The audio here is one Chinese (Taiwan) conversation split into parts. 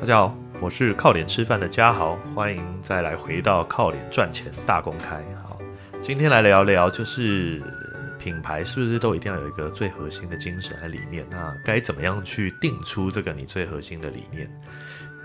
大家好，我是靠臉吃飯的嘉豪，歡迎再來回到靠臉賺錢大公開。好，今天來聊聊，就是品牌是不是都一定要有一個最核心的精神和理念？那該怎麼樣去定出這個你最核心的理念？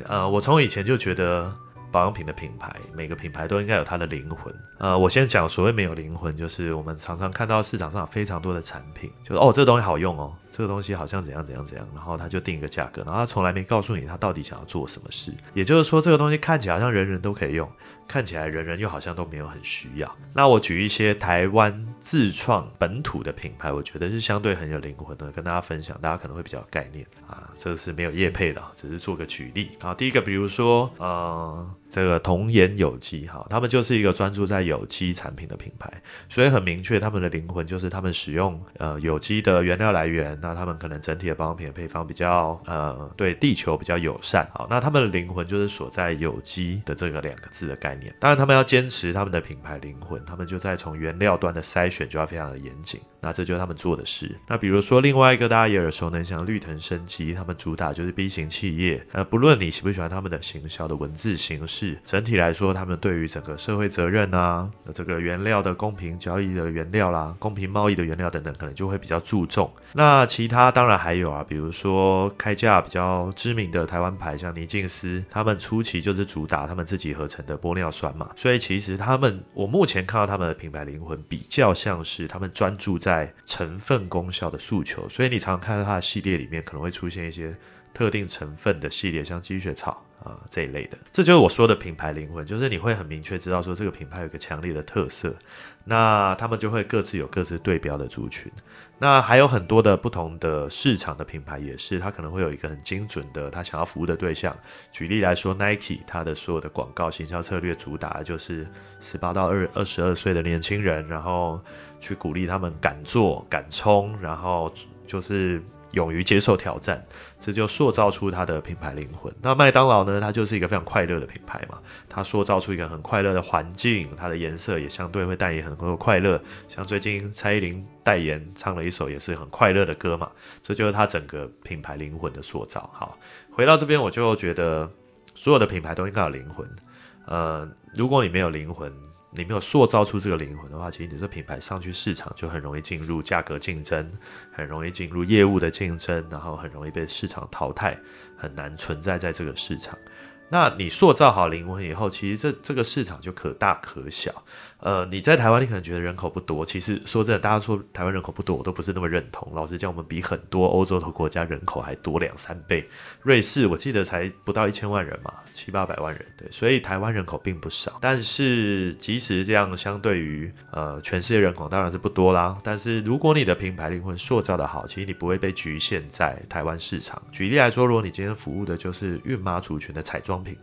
呃，我從以前就覺得。保養品的品牌，每個品牌都應該有它的靈魂。呃，我先講所謂沒有靈魂，就是我們常常看到市場上非常多的產品，就是哦這個東西好用哦，這個東西好像怎樣怎樣怎樣，然後他就定一個價格，然後他從來沒告訴你他到底想要做什麼事。也就是說，這個東西看起來好像人人都可以用，看起來人人又好像都沒有很需要。那我舉一些台灣自創本土的品牌，我覺得是相對很有靈魂的，跟大家分享，大家可能會比較概念啊。這是沒有業配的，只是做個舉例啊。第一個，比如說，嗯、呃。這個童顏有機哈，他們就是一個專注在有機產品的品牌，所以很明確，他們的靈魂就是他們使用呃有機的原料來源，那他們可能整體的保養品的配方比較呃對地球比較友善。好，那他們的靈魂就是所在有機的這個兩個字的概念。當然，他們要堅持他們的品牌靈魂，他們就在從原料端的篩選就要非常的嚴謹，那這就是他們做的事。那比如說另外一個大家也耳熟能詳，綠藤生機，他們主打就是 B 型企業，呃，不論你喜不喜歡他們的行銷的文字形式。整體來說，他們對於整個社會責任啊，這個原料的公平交易的原料啦、啊，公平貿易的原料等等，可能就會比較注重。那其他當然還有啊，比如說開架比較知名的台灣牌，像霓淨思他們初期就是主打他們自己合成的玻尿酸嘛，所以其實他們，我目前看到他們的品牌靈魂比較像是他們專注在成分功效的訴求，所以你常常看到它的系列裡面可能會出現一些。特定成分的系列，像積雪草啊、呃、這一類的，這就是我說的品牌靈魂，就是你會很明確知道說這個品牌有一個強烈的特色，那他們就會各自有各自對標的族群。那還有很多的不同的市場的品牌也是，它可能會有一個很精準的，它想要服務的對象。舉例來說，Nike 它的所有的廣告行銷策略主打的就是十八到二二十二歲的年輕人，然後去鼓勵他們敢做敢衝，然後就是。勇於接受挑戰，這就塑造出它的品牌靈魂。那麥當勞呢？它就是一個非常快樂的品牌嘛，它塑造出一個很快樂的環境，它的顏色也相對會代言很多快樂。像最近蔡依林代言唱了一首也是很快樂的歌嘛，這就是它整個品牌靈魂的塑造。好，回到這邊我就覺得所有的品牌都應該有靈魂。呃，如果你沒有靈魂，你沒有塑造出這個靈魂的話，其實你這個品牌上去市場就很容易進入價格競爭，很容易進入業務的競爭，然後很容易被市場淘汰，很難存在在這個市場。那你塑造好靈魂以後，其實這這個市場就可大可小。呃，你在台灣，你可能覺得人口不多，其實說真的，大家說台灣人口不多，我都不是那麼認同。老實講，我們比很多歐洲的國家人口還多兩三倍。瑞士我記得才不到一千萬人嘛，七八百萬人，對，所以台灣人口並不少。但是即使這樣，相對於呃全世界人口當然是不多啦。但是如果你的品牌靈魂塑造的好，其實你不會被局限在台灣市場。舉例來說，如果你今天服務的就是孕媽族群的彩妝。品,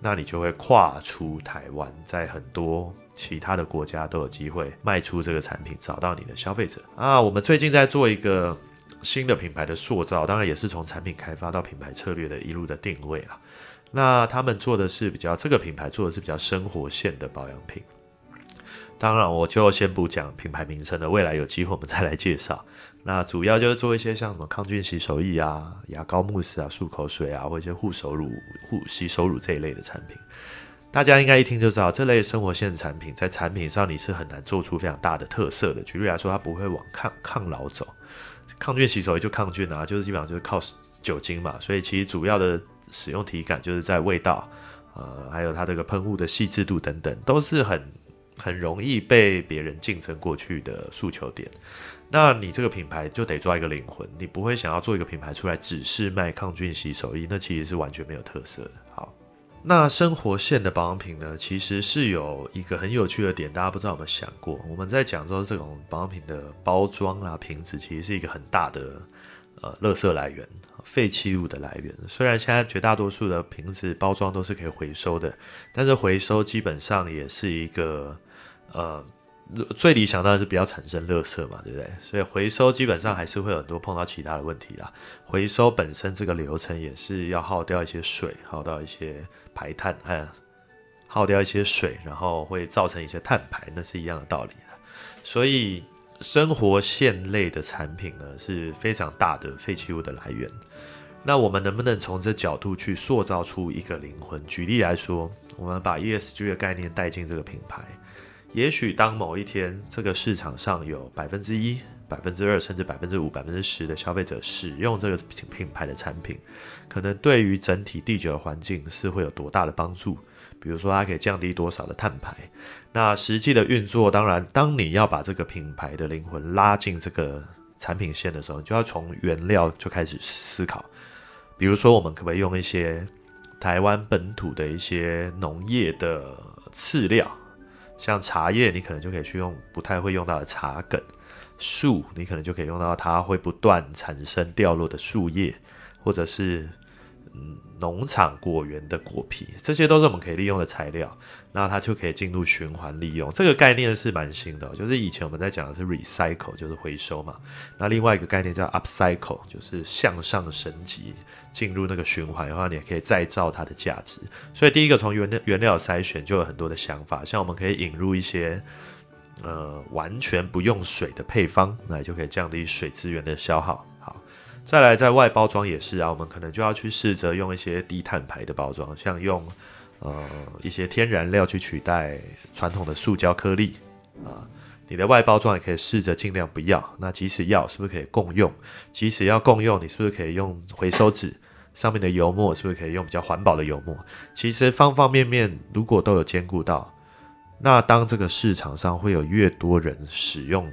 那你就會跨出台灣，在很多其他的國家都有機會賣出這個產品，找到你的消費者啊。我們最近在做一個新的品牌的塑造，當然也是從產品開發到品牌策略的一路的定位了啊。那他們做的是比較這個品牌做的是比較生活線的保養品。當然，我就先不講品牌名稱了。未來有機會我們再來介紹。那主要就是做一些像什麼抗菌洗手液啊、牙膏慕斯啊、漱口水啊，或者一些護手乳、護洗手乳這一類的產品。大家應該一聽就知道，這類生活線的產品在產品上你是很難做出非常大的特色的。舉例來說，它不會往抗、抗老走，抗菌洗手液就抗菌啊，就是基本上就是靠酒精嘛。所以其實主要的使用體感就是在味道，呃，還有它這個噴霧的細緻度等等，都是很。很容易被別人競爭過去的訴求點，那你這個品牌就得抓一個靈魂，你不會想要做一個品牌出來只是賣抗菌洗手液，那其實是完全沒有特色的。好，那生活線的保養品呢，其實是有一個很有趣的點，大家不知道有沒有想過，我們在講說這種保養品的包裝啊，瓶子其實是一個很大的。呃，垃圾來源、廢棄物的來源，雖然現在絕大多數的瓶子包裝都是可以回收的，但是回收基本上也是一個，呃，最理想當然是不要產生垃圾嘛，對不對？所以回收基本上還是會有很多碰到其他的問題啦。回收本身這個流程也是要耗掉一些水，耗掉一些排碳，耗掉一些水，然後會造成一些碳排，那是一樣的道理啦。所以。生活線類的產品呢，是非常大的廢棄物的來源。那我們能不能從這角度去塑造出一個靈魂？舉例來說，我們把 ESG 的概念帶進這個品牌，也許當某一天這個市場上有百分之一。百分之二甚至百分之五、百分之十的消費者使用這個品牌的產品，可能對於整體地球環境是會有多大的幫助？比如說，它可以降低多少的碳排？那實際的運作，當然，當你要把這個品牌的靈魂拉進這個產品線的時候，你就要從原料就開始思考。比如說，我們可不可以用一些台灣本土的一些農業的飼料，像茶葉，你可能就可以去用不太會用到的茶梗。樹，你可能就可以用到，它會不斷產生掉落的樹葉，或者是嗯，農場果園的果皮，這些都是我們可以利用的材料。那它就可以進入循環利用。這個概念是蠻新的哦，就是以前我們在講的是 recycle，就是回收嘛。那另外一個概念叫 upcycle，就是向上升級，進入那個循環的話，你也可以再造它的價值。所以第一個從原原料篩選就有很多的想法，像我們可以引入一些。呃，完全不用水的配方，那也就可以降低水資源的消耗。好，再來，在外包裝也是啊，我們可能就要去試着用一些低碳排的包裝，像用呃一些天然料去取代傳統的塑膠顆粒啊、呃。你的外包裝也可以試着盡量不要。那即使要，是不是可以共用？即使要共用，你是不是可以用回收紙？上面的油墨是不是可以用比較環保的油墨？其實方方面面如果都有兼顧到。那當這個市場上會有越多人使用。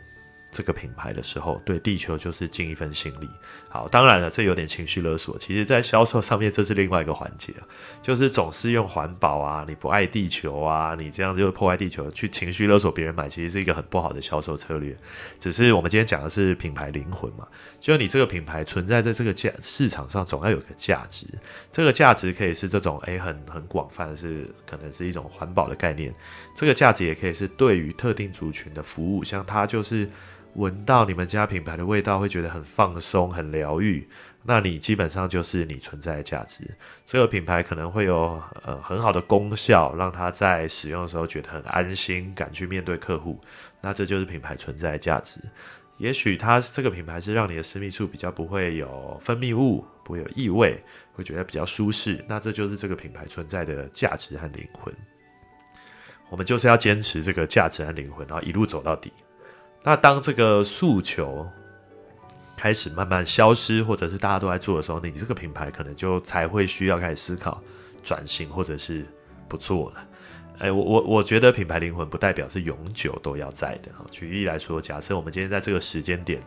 這個品牌的時候，對地球就是盡一份心力。好，當然了，這有點情緒勒索。其實，在銷售上面，這是另外一個環節，啊，就是總是用環保啊，你不愛地球啊，你這樣就破壞地球，去情緒勒索別人買，其實是一個很不好的銷售策略。只是我們今天講的是品牌靈魂嘛，就你這個品牌存在在這個價市場上，總要有個價值。這個價值可以是這種，誒，很很廣泛的是，是可能是一種環保的概念。這個價值也可以是對於特定族群的服務，像它就是。聞到你們家品牌的味道，會覺得很放鬆、很療癒。那你基本上就是你存在的價值。這個品牌可能會有呃很好的功效，讓他在使用的時候覺得很安心，敢去面對客戶。那這就是品牌存在的價值。也許它這個品牌是讓你的私密處比較不會有分泌物，不會有異味，會覺得比較舒適。那這就是這個品牌存在的價值和靈魂。我們就是要堅持這個價值和靈魂，然後一路走到底。那當這個訴求開始慢慢消失，或者是大家都在做的時候，你這個品牌可能就才會需要開始思考轉型，或者是不做了。誒，我我我覺得品牌靈魂不代表是永久都要在的。舉例來說，假設我們今天在這個時間點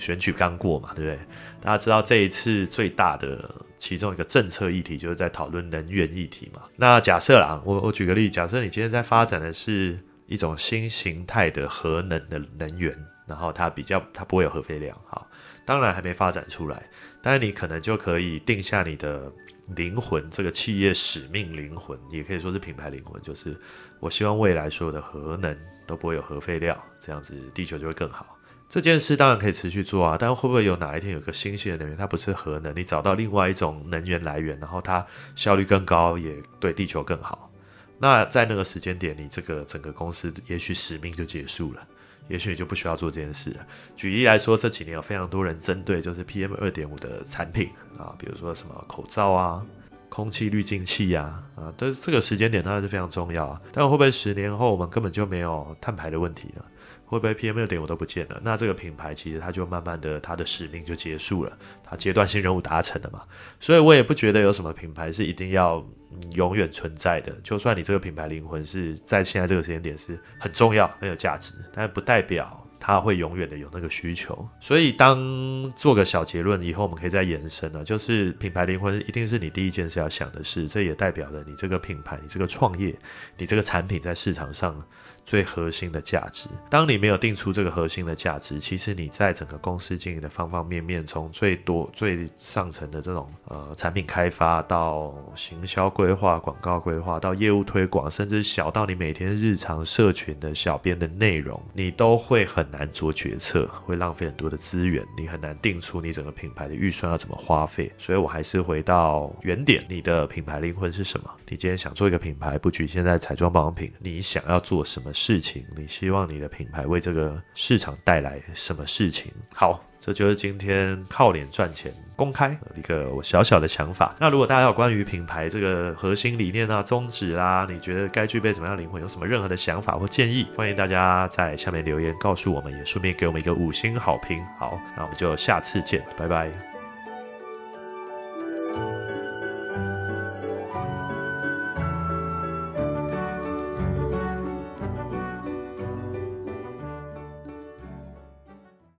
選舉剛過嘛，對不對？大家知道這一次最大的其中一個政策議題就是在討論能源議題嘛。那假設啦，我我舉個例，假設你今天在發展的是，一種新形態的核能的能源，然後它比較，它不會有核廢料，好，當然還沒發展出來，但是你可能就可以定下你的靈魂，這個企業使命靈魂，也可以說是品牌靈魂，就是我希望未來所有的核能都不會有核廢料，這樣子地球就會更好。這件事當然可以持續做啊，但會不會有哪一天有個新型的能源，它不是核能，你找到另外一種能源來源，然後它效率更高，也對地球更好？那在那個時間點，你這個整個公司也許使命就結束了，也許你就不需要做這件事了。舉例來說，這幾年有非常多人針對就是 PM 二點五的產品啊，比如說什麼口罩啊、空氣濾淨器啊，啊，這這個時間點當然是非常重要啊。但會不會十年後我們根本就沒有碳排的問題了？會不會 PM 6點我都不見了？那這個品牌其實它就慢慢的，它的使命就結束了，它階段性任務達成了嘛。所以我也不覺得有什麼品牌是一定要、嗯、永遠存在的。就算你這個品牌靈魂是在現在這個時間點是很重要、很有價值，但不代表它會永遠的有那個需求。所以當做個小結論，以後我們可以再延伸了，就是品牌靈魂一定是你第一件事要想的事，這也代表了你這個品牌、你這個創業、你這個產品在市場上，最核心的價值。當你沒有定出這個核心的價值，其實你在整個公司經營的方方面面，從最多最上層的這種呃產品開發到行銷規劃、廣告規劃，到業務推廣，甚至小到你每天日常社群的小編的內容，你都會很難做決策，會浪費很多的資源，你很難定出你整個品牌的預算要怎麼花費。所以我還是回到原點，你的品牌靈魂是什麼？你今天想做一個品牌，不侷限在彩妝保養品，你想要做什麼？事情，你希望你的品牌為這個市場帶來什麼事情？好，這就是今天靠臉賺錢公開一個我小小的想法。那如果大家有關於品牌這個核心理念啊、宗旨啦，你覺得該具備什麼樣的靈魂，有什麼任何的想法或建議，歡迎大家在下面留言告訴我們，也順便給我們一個五星好評。好，那我們就下次見，拜拜。